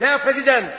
Herr Präsident!